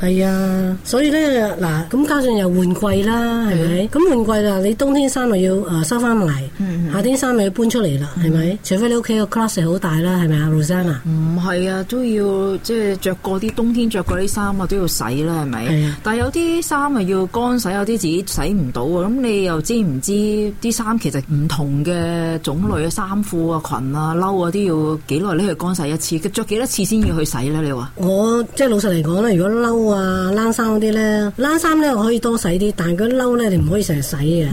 係啊、哎，所以咧嗱，咁加上又換季啦，係咪？咁換、嗯、季啦，你冬天衫咪要誒收翻嚟，嗯嗯、夏天衫咪要搬出嚟啦，係咪、嗯？除非你屋企個 closet 好大啦，係咪啊，盧生啊？唔係、嗯、啊，都要即係着過啲冬天着過啲衫啊，都要洗啦，係咪？係啊。但係有啲衫啊，要乾洗，有啲自己洗唔到啊。咁你又知唔知啲衫其實唔同嘅種類嘅衫褲啊、裙啊、褸啊，都要幾耐搦去乾洗一次？着幾多次先要去洗咧？你話我即係老實嚟講咧，如果褸啊、冷衫嗰啲咧，冷衫咧我可以多洗啲，但係嗰啲褸咧，你唔可以成日洗嘅。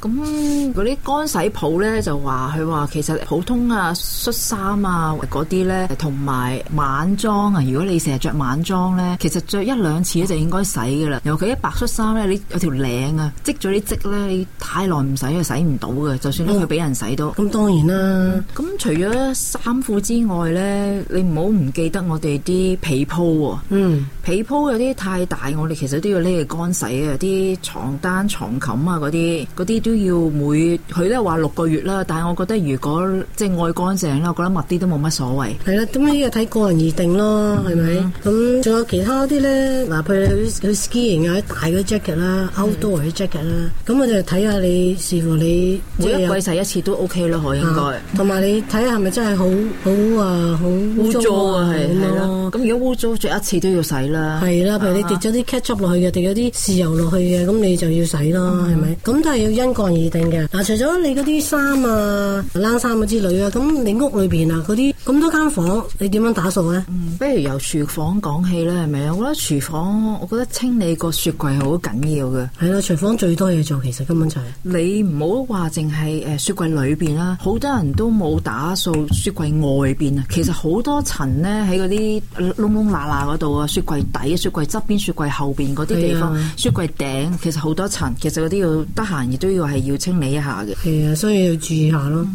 咁嗰啲乾洗鋪咧就話佢話，其實普通啊恤衫啊嗰啲咧，同埋晚裝啊，如果你成日着晚裝咧，其實着一兩次咧就應該洗噶啦。尤其一白恤衫咧，你有條領啊，積咗啲積咧，你太耐唔洗啊，就洗唔到嘅。就算佢俾人洗都。咁、嗯、當然啦。咁、嗯、除咗衫褲之外咧，你唔好唔記得我哋啲被鋪。嗯。鋪有啲太大，我哋其實都要拎嚟乾洗啊！啲床單、床冚啊嗰啲，嗰啲都要每佢都係話六個月啦。但係我覺得，如果即係愛乾淨啦，我覺得密啲都冇乜所謂。係啦，咁呢個睇個人而定咯，係咪？咁仲有其他啲咧？嗱、嗯，譬如去 skiing 啊，啲大嘅 jacket 啦，outdoor 嘅 jacket 啦，咁我就睇下你是否你每一季洗一次都 OK 啦，可的應該。同埋、嗯、你睇下係咪真係好好啊，好污糟啊，係係咯。咁如果污糟着一次都要洗啦。係啦，譬如你跌咗啲 ketchup 落去嘅，跌咗啲豉油落去嘅，咁你就要洗啦，係咪、嗯？咁都係要因個人而定嘅。嗱、啊，除咗你嗰啲衫啊、冷衫啊之類啊，咁你屋裏面啊嗰啲咁多間房，你點樣打掃咧？不、嗯、如由廚房講起啦，係咪啊？我覺得廚房，我覺得清理個雪櫃係好緊要嘅。係啦，廚房最多嘢做，其實根本就係、是、你唔好話淨係雪櫃裏面啦，好多人都冇打掃雪櫃外邊啊！嗯、其實好多塵咧喺嗰啲窿窿罅罅嗰度啊，雪櫃底。啲雪櫃側邊、雪櫃後邊嗰啲地方，啊、雪櫃頂其實好多塵，其實嗰啲要得閒亦都要係要清理一下嘅。係啊，所以要注意一下咯。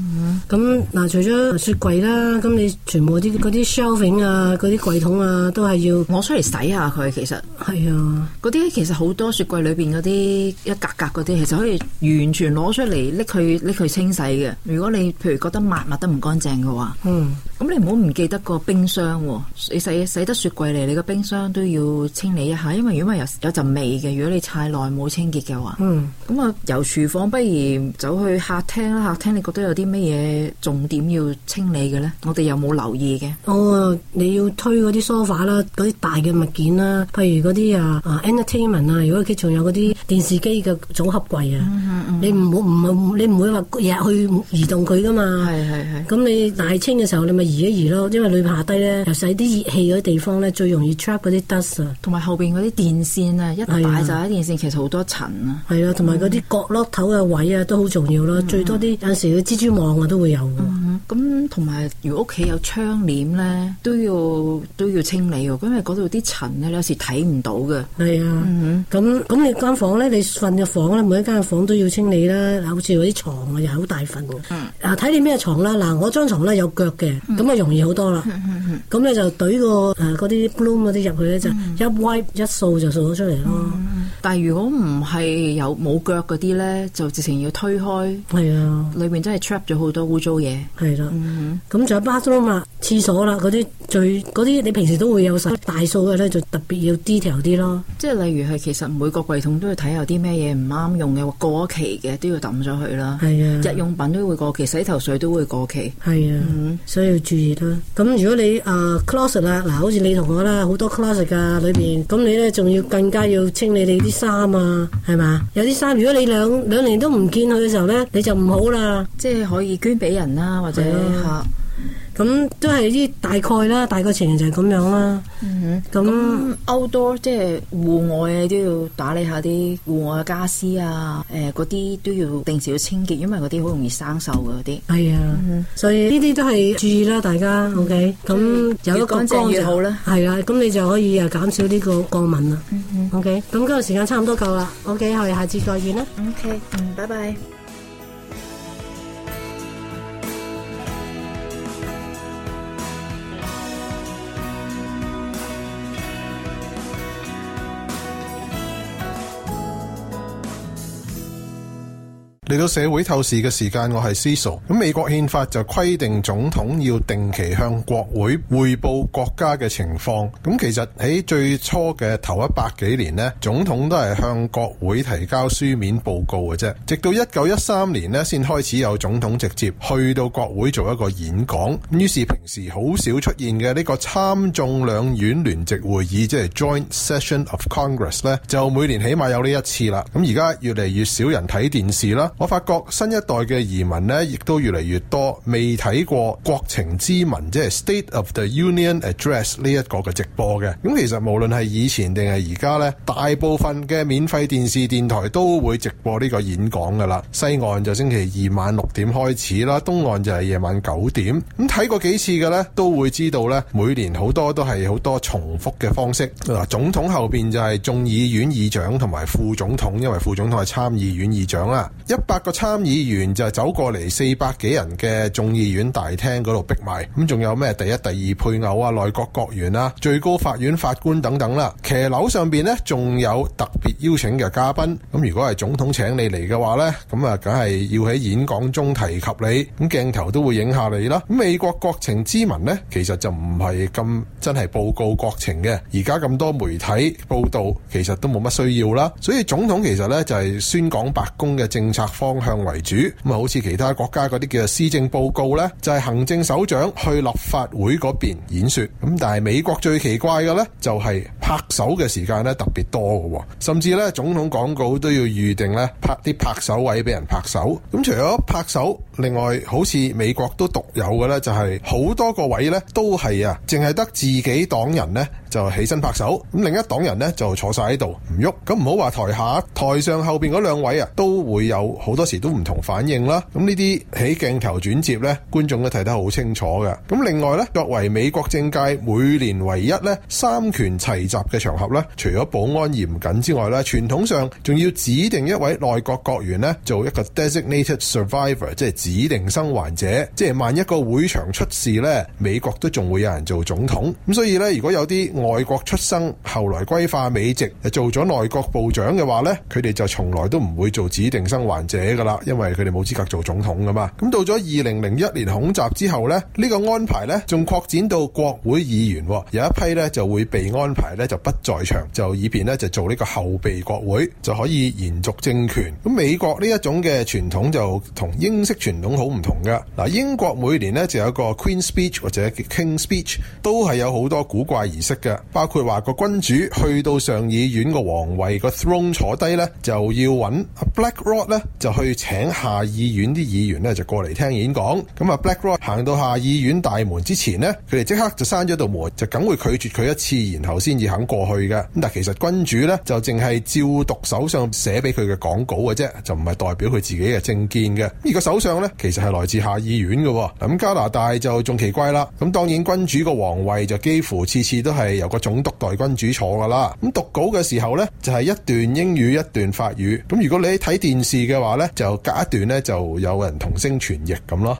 咁嗱、嗯，除咗雪櫃啦，咁你全部啲嗰啲 shelving 啊，嗰啲櫃桶啊，都係要攞出嚟洗一下佢。其實係啊，嗰啲其實好多雪櫃裏邊嗰啲一格格嗰啲，其實可以完全攞出嚟拎佢拎佢清洗嘅。如果你譬如覺得抹抹得唔乾淨嘅話，嗯，咁你唔好唔記得個冰箱喎，你洗洗得雪櫃嚟，你個冰箱都要。要清理一下，因為如果有有陣味嘅，如果你太耐冇清潔嘅話，嗯，咁啊由廚房，不如走去客廳啦。客廳你覺得有啲乜嘢重點要清理嘅咧？我哋有冇留意嘅？我、哦、你要推嗰啲 sofa 啦，嗰啲大嘅物件啦，譬如嗰啲啊啊 entertainment 啊，如果佢仲有嗰啲電視機嘅組合櫃啊，你唔好唔你唔會話日去移動佢噶嘛，係係係。咁你大清嘅時候，你咪移一移咯，因為你下低咧，又使啲熱氣嗰啲地方咧，最容易 trap 嗰啲 dust 同埋後邊嗰啲電線啊，一擺就喺電線，電線啊，其實好多塵啊。係啊，同埋嗰啲角落頭嘅位啊，都好重要咯。嗯、哼最多啲有時嘅蜘蛛網啊，都會有嘅。咁同埋，如果屋企有窗簾咧，都要都要清理嘅，因為嗰度啲塵咧，有時睇唔到嘅。係啊，咁咁、嗯、哼你間房咧，你瞓嘅房咧，每一間房都要清理啦。好似嗰啲床、嗯、哼啊，又係好大份嘅。睇你咩床啦。嗱，我張床咧有腳嘅，咁啊容易好多啦。咁、嗯、哼你就懟個嗰啲 broom 嗰啲入去咧就。嗯一 wipe 一掃，就掃咗出嚟咯。但係如果唔係有冇腳嗰啲咧，就直情要推開。係啊的，裏邊真係 trap 咗好多污糟嘢。係啦的，咁仲、嗯、哼有 bathroom 啦廁所啦、廁所啦嗰啲最嗰啲，你平時都會有洗大掃嘅咧，就特別要 detail 啲咯。即係例如係其實每個櫃桶都要睇下有啲咩嘢唔啱用嘅過期嘅都要抌咗佢啦。係啊的，日用品都會過期，洗頭水都會過期。係啊的，嗯、哼所以要注意啦。咁如果你啊、呃、closet 啦，嗱好似你同我啦，好多 closet 噶裏邊，咁你咧仲要更加要清理你。啲衫啊，係嘛？有啲衫，如果你兩兩年都唔見佢嘅時候咧，你就唔好啦、嗯，即係可以捐俾人啦、啊，或者客。咁都係啲大概啦，嗯、大概情形就係咁樣啦。咁 outdoor 即係戶外嘅都、就是，要打理下啲戶外嘅家私啊，誒嗰啲都要定時要清潔，因為嗰啲好容易生銹嘅嗰啲。係啊，嗯嗯，所以呢啲都係注意啦，大家。O K，咁有一個乾淨越好啦。係啦、啊，咁你就可以又減少呢個過敏啦。O K，咁今日時間差唔多夠、okay？啦。O K，我哋下次再見啦。O K，嗯，拜拜。嚟到社會透視嘅時間，我係思素。咁美國憲法就規定總統要定期向國會匯報國家嘅情況。咁其實喺最初嘅頭一百幾年呢，總統都係向國會提交書面報告嘅啫。直到一九一三年呢，先開始有總統直接去到國會做一個演講。於是平時好少出現嘅呢個參眾兩院聯席會議，即係 Joint Session of Congress 呢，就每年起碼有呢一次啦。咁而家越嚟越少人睇電視啦。我發覺新一代嘅移民呢，亦都越嚟越多未睇過國情咨文，即係 State of the Union Address 呢一個嘅直播嘅。咁其實無論係以前定係而家呢，大部分嘅免費電視電台都會直播呢個演講噶啦。西岸就星期二晚六點開始啦，東岸就係夜晚九點。咁睇過幾次嘅呢，都會知道呢，每年好多都係好多重複嘅方式。嗱，總統後邊就係眾議院議長同埋副總統，因為副總統係參議院議長啦，一八個參議員就走過嚟，四百幾人嘅眾議院大廳嗰度逼埋，咁仲有咩第一、第二配偶啊、內閣閣員啊、最高法院法官等等啦。騎樓上邊呢，仲有特別邀請嘅嘉賓。咁如果係總統請你嚟嘅話呢，咁啊，梗係要喺演講中提及你，咁鏡頭都會影下你啦。美國國情咨文呢，其實就唔係咁真係報告國情嘅。而家咁多媒體報道，其實都冇乜需要啦。所以總統其實呢，就係宣講白宮嘅政策。方向為主，咁啊好似其他國家嗰啲嘅施政報告呢，就係、是、行政首長去立法會嗰邊演説。咁但係美國最奇怪嘅呢，就係、是。拍手嘅時間咧特別多嘅，甚至咧總統廣告都要預定咧拍啲拍手位俾人拍手。咁除咗拍手，另外好似美國都獨有嘅咧，就係好多個位咧都係啊，淨係得自己黨人咧就起身拍手，咁另一黨人咧就坐晒喺度唔喐。咁唔好話台下台上後邊嗰兩位啊，都會有好多時都唔同反應啦。咁呢啲喺鏡頭轉接咧，觀眾都睇得好清楚嘅。咁另外咧，作為美國政界每年唯一咧三權齊集嘅場合咧，除咗保安嚴謹之外咧，傳統上仲要指定一位內閣國員咧做一個 designated survivor，即係指定生還者。即係萬一個會場出事咧，美國都仲會有人做總統。咁所以咧，如果有啲外國出生後來歸化美籍，做咗內閣部長嘅話咧，佢哋就從來都唔會做指定生還者噶啦，因為佢哋冇資格做總統噶嘛。咁到咗二零零一年恐襲之後咧，呢個安排咧仲擴展到國會議員，有一批咧就會被安排咧。就不在場，就以便咧就做呢個後備國會，就可以延續政權。咁美國呢一種嘅傳統就同英式傳統好唔同噶。嗱，英國每年呢就有一個 Queen Speech 或者 King Speech，都係有好多古怪儀式嘅，包括話個君主去到上議院個皇位個 throne 坐低呢，就要揾 Black Rod 咧就去請下議院啲議員呢就過嚟聽演講。咁啊，Black Rod 行到下議院大門之前呢，佢哋即刻就閂咗道門，就梗會拒絕佢一次，然後先至。等過去嘅，咁但其實君主咧就淨係照讀首相寫俾佢嘅講稿嘅啫，就唔係代表佢自己嘅政見嘅。而個首相咧其實係來自下議院嘅。咁加拿大就仲奇怪啦。咁當然君主個皇位就幾乎次次都係由個總督代君主坐噶啦。咁讀稿嘅時候咧就係、是、一段英語一段法語。咁如果你睇電視嘅話咧就隔一段咧就有人同聲傳譯咁咯。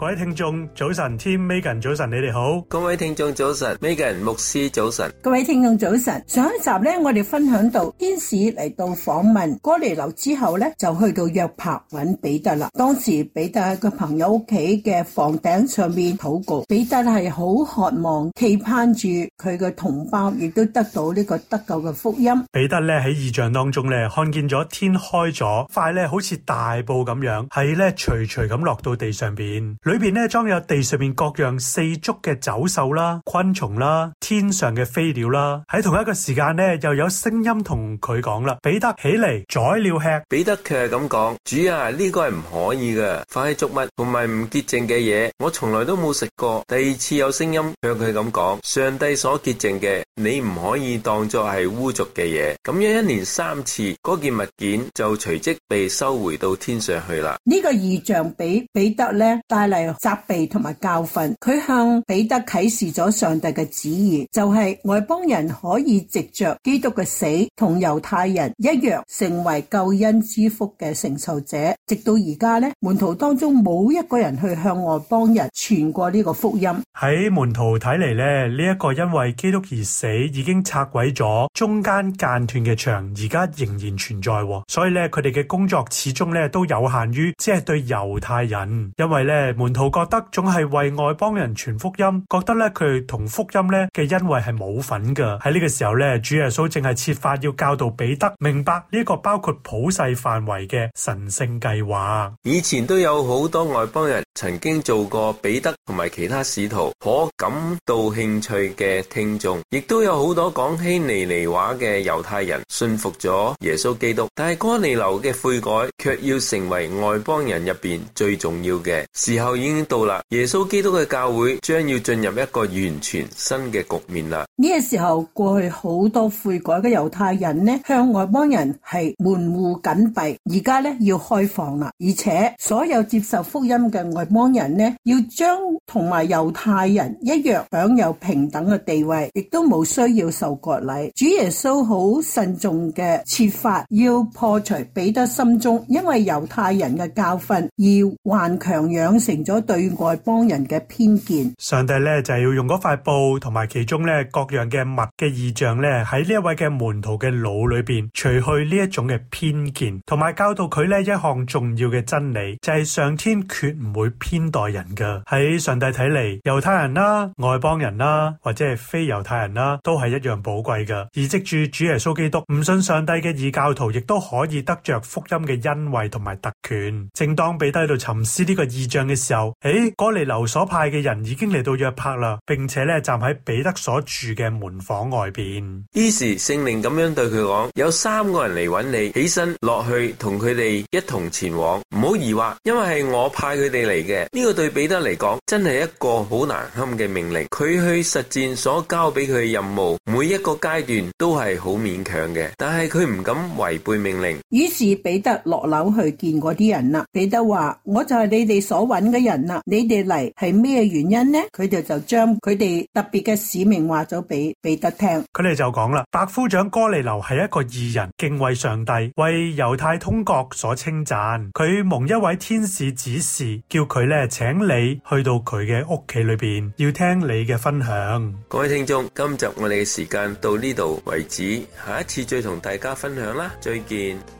各位聽眾早晨，Tim Megan 早晨，你哋好。各位聽眾早晨，Megan 牧師早晨。各位聽眾早晨。上一集咧，我哋分享到天使嚟到訪問哥尼流之後咧，就去到約帕揾彼得啦。當時彼得喺個朋友屋企嘅房頂上面禱告，彼得係好渴望，期盼住佢嘅同胞亦都得到呢個得救嘅福音。彼得咧喺異象當中咧，看見咗天開咗塊咧，好似大布咁樣，喺咧徐徐咁落到地上邊。裏邊呢裝有地上面各樣四足嘅走獸啦、昆蟲啦、天上嘅飛鳥啦，喺同一個時間呢，又有聲音同佢講啦：彼得起嚟宰鳥吃。彼得佢係咁講：主啊，呢個係唔可以噶，凡係俗物同埋唔潔淨嘅嘢，我從來都冇食過。第二次有聲音向佢咁講：上帝所潔淨嘅，你唔可以當作係污濁嘅嘢。咁樣一連三次，嗰件物件就隨即被收回到天上去啦。呢個異象俾彼得呢帶嚟責備同埋教訓，佢向彼得啟示咗上帝嘅旨意，就係外邦人可以藉着基督嘅死，同猶太人一樣成為救恩之福嘅承受者。直到而家咧，門徒當中冇一個人去向外邦人傳過呢個福音。喺門徒睇嚟咧，呢一個因為基督而死已經拆毀咗中間間斷嘅牆，而家仍然存在，所以呢，佢哋嘅工作始終呢都有限於，即係對猶太人，因為呢，徒覺得總係為外邦人傳福音，覺得咧佢同福音咧嘅恩惠係冇份噶。喺呢個時候咧，主耶穌正係設法要教導彼得明白呢個包括普世範圍嘅神聖計劃。以前都有好多外邦人曾經做過彼得同埋其他使徒可感到興趣嘅聽眾，亦都有好多講希尼尼話嘅猶太人信服咗耶穌基督，但係哥尼流嘅悔改卻要成為外邦人入邊最重要嘅時候。已經到啦！耶穌基督嘅教會將要進入一個完全新嘅局面啦。呢個時候過去好多悔改嘅猶太人呢，向外邦人係門戶緊閉，而家呢要開放啦，而且所有接受福音嘅外邦人呢，要將同埋猶太人一樣享有平等嘅地位，亦都冇需要受割禮。主耶穌好慎重嘅設法要破除彼得心中因為猶太人嘅教訓而頑強養成。咗對外邦人嘅偏見，上帝咧就係、是、要用嗰塊布同埋其中咧各樣嘅物嘅異象咧，喺呢一位嘅門徒嘅腦裏邊，除去呢一種嘅偏見，同埋教導佢呢一項重要嘅真理，就係、是、上天決唔會偏待人嘅。喺上帝睇嚟，猶太人啦、啊、外邦人啦、啊，或者係非猶太人啦、啊，都係一樣寶貴嘅。而藉住主耶穌基督唔信上帝嘅異教徒，亦都可以得着福音嘅恩惠同埋特權。正當被低度沉思呢個異象嘅時。就誒，哥尼流所派嘅人已經嚟到約帕啦，並且咧站喺彼得所住嘅門房外邊。於是聖靈咁樣對佢講：有三個人嚟揾你，起身落去同佢哋一同前往，唔好疑惑，因為係我派佢哋嚟嘅。呢個對彼得嚟講，真係一個好難堪嘅命令。佢去實戰所交俾佢嘅任務，每一個階段都係好勉強嘅，但係佢唔敢違背命令。於是彼得落樓去見嗰啲人啦。彼得話：我就係你哋所揾嘅。人啦，你哋嚟係咩原因呢？佢哋就將佢哋特別嘅使命話咗俾彼得聽，佢哋就講啦：百夫長哥尼流係一個義人，敬畏上帝，為猶太通國所稱讚。佢蒙一位天使指示，叫佢咧，請你去到佢嘅屋企裏邊，要聽你嘅分享。各位聽眾，今集我哋嘅時間到呢度為止，下一次再同大家分享啦，再見。